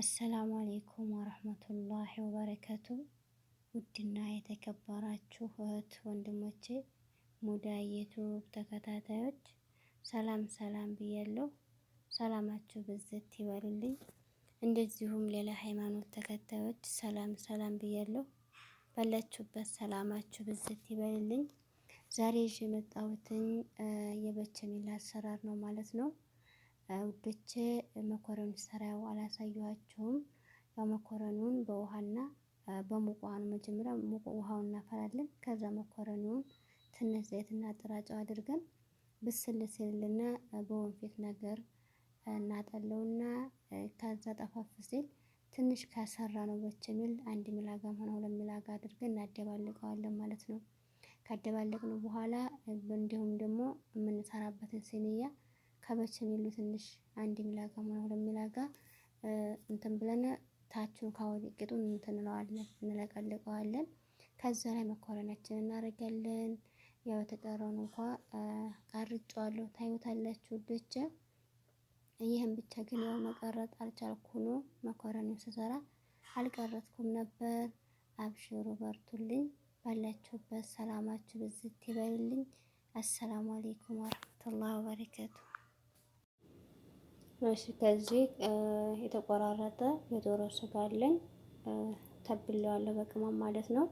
አሰላሙ አሌይኩም ወረህመቱላሂ ወበረከቱ። ውድና የተከበራችሁ እህት ወንድሞቼ ሙዳ የዩቱብ ተከታታዮች ሰላም ሰላም ብያለሁ። ሰላማችሁ ብዝት ይበልልኝ እንደዚሁም ሌላ ሃይማኖት ተከታዮች ሰላም ሰላም ብያለሁ። ባላችሁበት ሰላማችሁ ብዝት ይበልልኝ። ዛሬ ይዤ የመጣሁትን የበቸሚላ አሰራር ነው ማለት ነው። ውዶች መኮረኑ ሰራው አላሳየኋችሁም። ያው መኮረኑን በውሃና በሙቅ መጀመሪያ ሙቅ ውሃውን እናፈላለን። ከዛ መኮረኑን ትንሽ ዘይትና ጥራጫው አድርገን ብስል ሲልና በወንፊት ነገር እናጠለውና ከዛ ጠፋፍ ሲል ትንሽ ከሰራ ነው በች ሚል አንድ ሚላጋም ሆነ ሁለት ሚላጋ አድርገን እናደባልቀዋለን ማለት ነው። ካደባለቅነው በኋላ እንዲሁም ደግሞ የምንሰራበትን ሲኒያ ከበቸሚሉ ትንሽ አንድ ሚላጋ ሆነ ሁለት ሚላጋ እንትን ብለን ታቹን ካወደ እንትንለዋለን እንትን እንለቀልቀዋለን። ከዛ ላይ መኮረናችንን እናደርጋለን። ያው የተቀረውን እንኳ ቀርጬዋለሁ ታዩታላችሁ ብቻ ይህም ብቻ ግን ያው መቀረጥ አልቻልኩ ነው። መኮረኒው ስሰራ አልቀረጥኩም ነበር። አብሽሩ በርቱልኝ። ባላችሁበት ሰላማችሁ ብዝት ይበልልኝ። አሰላሙ አሌይኩም ወረህመቱላህ ወበረከቱ እሺ ከዚህ የተቆራረጠ የዶሮ ስጋ አለኝ። ተብለዋለሁ በቅመም ማለት ነው።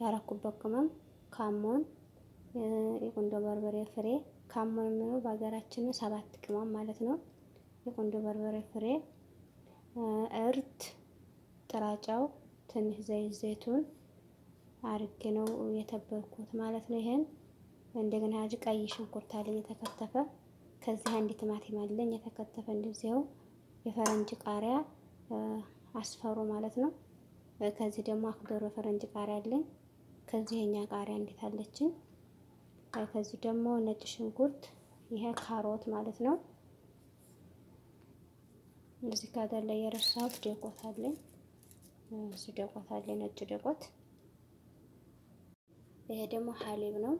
ያረኩበት ቅመም ካሞን፣ የቁንዶ በርበሬ ፍሬ። ካሞን የምለው በሀገራችን ሰባት ቅመም ማለት ነው። የቁንዶ በርበሬ ፍሬ፣ እርድ፣ ጥራጫው፣ ትንሽ ዘይት ዘይቱን አርጌ ነው የተበልኩት ማለት ነው። ይሄን እንደገና ያጅ ቀይ ሽንኩርት አለኝ የተከተፈ ከዚህ አንድ ቲማቲም አለኝ የተከተፈ እንደዚያው የፈረንጅ ቃሪያ አስፈሩ ማለት ነው። ከዚህ ደግሞ አክዶሮ የፈረንጅ ቃሪያ አለኝ። ከዚህ የኛ ቃሪያ እንዴት አለችኝ። ከዚህ ደግሞ ነጭ ሽንኩርት፣ ይሄ ካሮት ማለት ነው። እዚህ ጋር ላይ የረሳሁት ደቆት አለኝ። እዚህ ደቆት አለኝ፣ ነጭ ደቆት። ይሄ ደግሞ ሀሊብ ነው።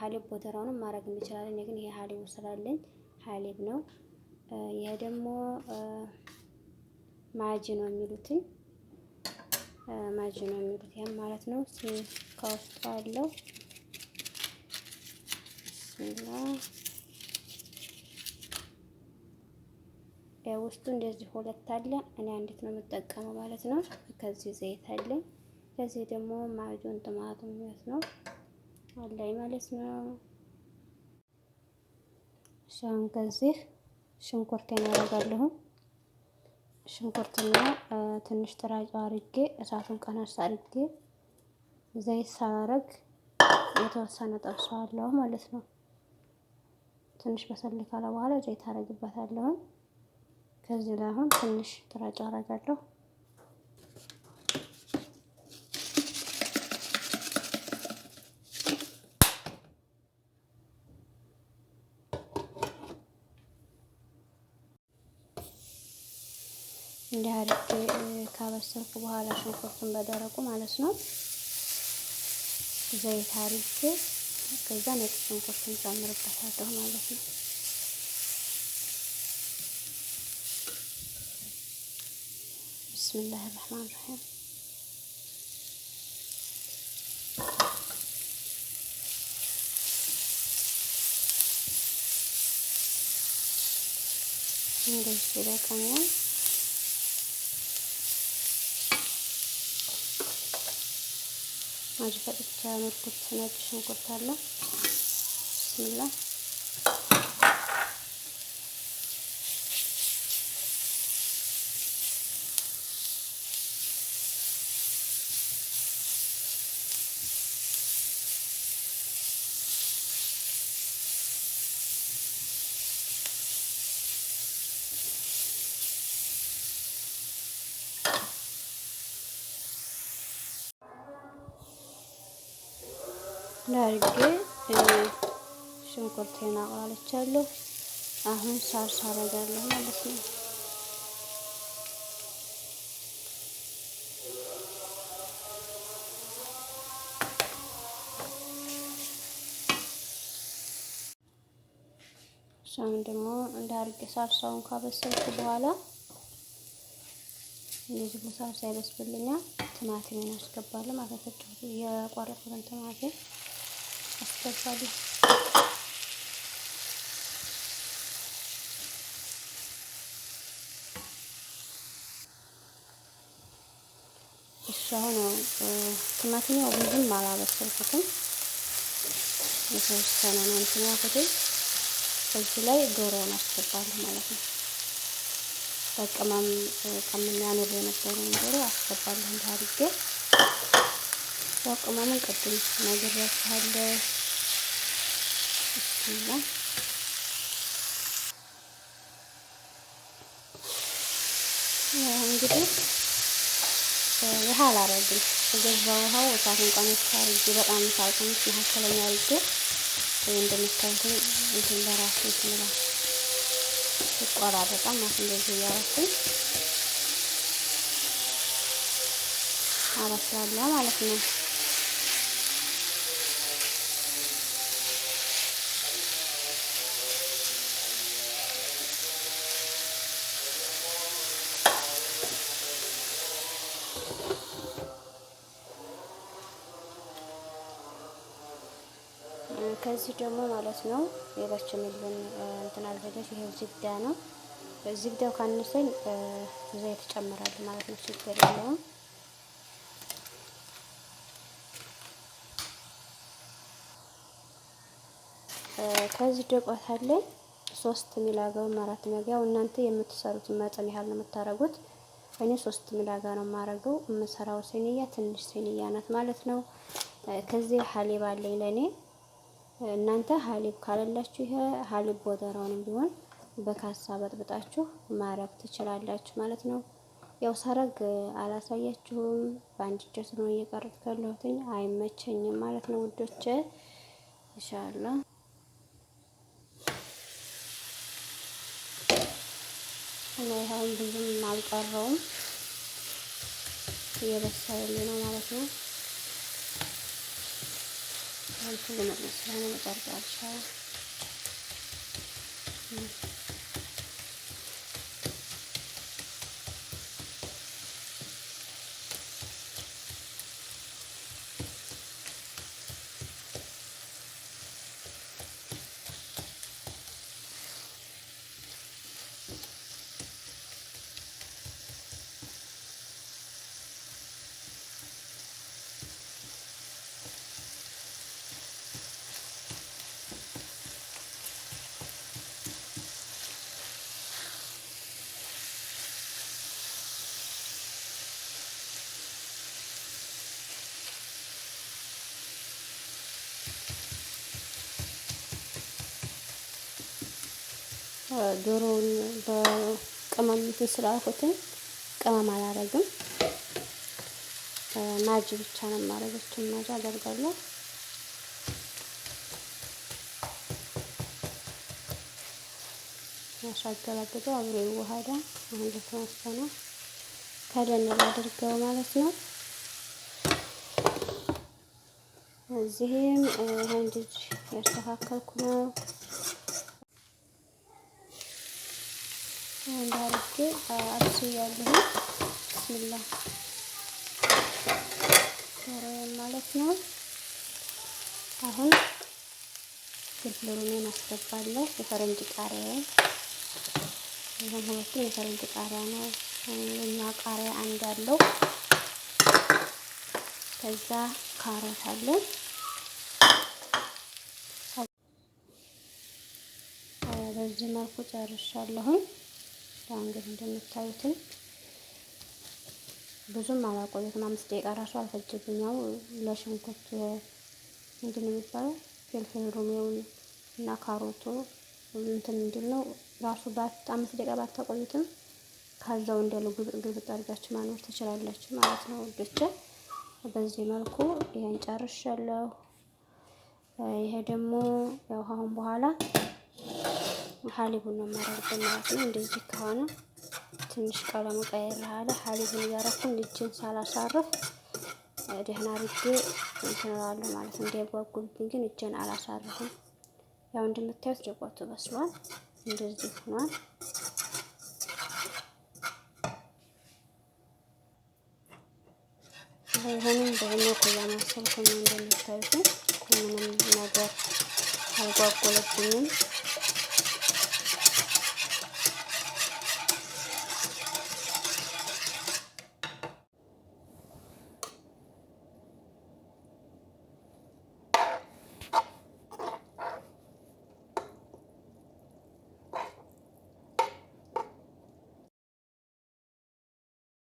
ሀሊብ ቦተራውንም ማድረግ እንችላለን። እኔ ግን ይሄ ሀሊቡ ስላለኝ ሀሊብ ነው። ይሄ ደግሞ ማጅ ነው የሚሉትኝ ማጅ ነው የሚሉት ይህም ማለት ነው። ከውስጡ አለው ስላ ውስጡ እንደዚህ ሁለት አለ። እኔ አንዲት ነው የምጠቀመው ማለት ነው። ከዚህ ዘይት አለኝ። ከዚህ ደግሞ ማጁን ጥማቱ ነው። አላይ ማለት ነው። አሁን ከዚህ ሽንኩርቴን አደርጋለሁ። ሽንኩርትና ትንሽ ጥራጫ አርጌ እሳቱን ቀነስ አርጌ ዘይት ሳረግ የተወሰነ ጠብሰዋለሁ ማለት ነው። ትንሽ በሰል ካለ በኋላ ዘይት አረግበታለሁ። ከዚህ ላይ አሁን ትንሽ ጥራጫ አረጋለሁ። እንዲህ አድርጌ ካበሰልኩ በኋላ ሽንኩርቱን በደረቁ ማለት ነው ዘይት አድርጌ ከዛ ነጭ ሽንኩርቱን ጨምርበታለሁ ማለት ነው። ብስምላህ ራህማን ራሂም እንደዚህ በቀኛል አጅ ፈጭቻ ያኖርኩት ነጭ ሽንኩርት አለ ብስሚላ ላርጌ ሽንኩርቴን አቁላልቻለሁ። አሁን ሳርሳ አረጋለሁ ማለት ነው። እሷም ደግሞ እንዳርጌ ሳርሳውን ካበሰልኩ በኋላ እንደዚህ ብሎ ሳርሳ ይበስብልኛል። ቲማቲሜን አስገባለሁ ማለት ነው። የቆረጥኩትን ቲማቲም እከታተላለሁ። እሺ አሁን ያው ብዙም አላበሰልኩትም የተወሰነ ነው እንትን ያልኩት። እዚህ ላይ ዶሮውን አስገባለሁ ማለት ነው። በቅመም ከምን ያኖር የነበረውን ዶሮ አስገባለሁ እንዳርጌ ያው ቅመሙን ቅድም ነግሬያችኋለሁ። እና ያው እንግዲህ ውሃ አላረግም። ከገዛ ውሃው እሳቱን ቀነስ አድርጌ በጣም ሳልኩኝ መካከለኛ አድርጌ እንደምታዩትኝ እንትን በራሱ ይችላል ይቆራረጣል ማለት እንደዚህ እያረኩኝ አበስላለሁ ማለት ነው። ከዚህ ደግሞ ማለት ነው ሌላቸው ልን እንትን አዘጋጅ። ይሄ ዝግዳ ነው። ዝግዳው ካነሰኝ ዘይት ጨምራለሁ ማለት ነው። ችግር የለውም። ከዚህ ደቆት አለኝ ሶስት ሚላጋው አራት ሚላጋው እናንተ የምትሰሩት መጠን ያህል ነው የምታረጉት። እኔ ሶስት ሚላጋ ነው የማረገው። የምሰራው ሲኒያ ትንሽ ሲኒያ ናት ማለት ነው። ከዚህ ሀሊብ አለኝ ለእኔ እናንተ ሀሊብ ካለላችሁ ይሄ ሀሊብ ቦተራውንም ቢሆን በካሳ በጥብጣችሁ ማረግ ትችላላችሁ ማለት ነው። ያው ሰረግ አላሳያችሁም። በአንድ እጄ ስለሆነ እየቀረጥኩ ያለሁትኝ አይመቸኝም ማለት ነው ውዶች እንሻላ እና ይኸውን ብዙም አልቀረውም እየበሰለልኝ ነው ማለት ነው። እንትን ለመጥበስ ስለሆነ መጨረሻ አልሻ ዶሮውን በቅመም እንትን ስላልኩትኝ ቅመም አላረግም። ማጅ ብቻ ነው የማረገችው። ማጅ አደርጋለሁ። ያሻገላብጠው አብሮ ይዋሃዳል። አሁን በተወሰነ ከደን ላድርገው ማለት ነው። እዚህም ይሄን ልጅ ያስተካከልኩ ነው። እንዳርጌ አብሱ ያለሁ ብስሚላ ዶሮዬን ማለት ነው። አሁን ዝንጅብሉን አስገባለሁ። የፈረንጅ ቃሪያ ይህም ሁለቱም የፈረንጅ ቃሪያ ነው። የኛ ቃሪያ አንድ አለው። ከዛ ካሮት አለን በዚህ መልኩ ጨርሻለሁኝ። ያው እንግዲህ እንደምታዩትኝ ብዙም አላቆየትም። አምስት ደቂቃ ራሱ አልፈጀብኝ። ያው ለሽንኩርት ምንድን ነው የሚባለው ፍልፍል ሮሜው እና ካሮቱ እንትን ምንድን ነው ራሱ አምስት ደቂቃ ባታቆዩትም ከዛው እንዳለ ግብጥ ግብጥ አድርጋችሁ ማኖር ትችላላችሁ ማለት ነው ብቻ በዚህ መልኩ ይሄን ጨርሻለሁ። ይሄ ደግሞ ያው አሁን በኋላ ሀሊቡን ነው የማደርገው ማለት ነው። እንደዚህ ከሆነ ትንሽ ቀለሙ ቀየር ያለ ሀሊቡን እያረኩኝ ልጅን ሳላሳርፍ ደህና አድርጌ እንትን ማለት ነው። እንዲያጓጉልብኝ ግን እጄን አላሳርፍም። ያው እንደምታዩት ጨቆቱ በስሏል፣ እንደዚህ ሆኗል። ይህንም በኛው ኩያ ማሰልኩኝ እንደምታዩት ምንም ነገር አልጓጉልብኝም።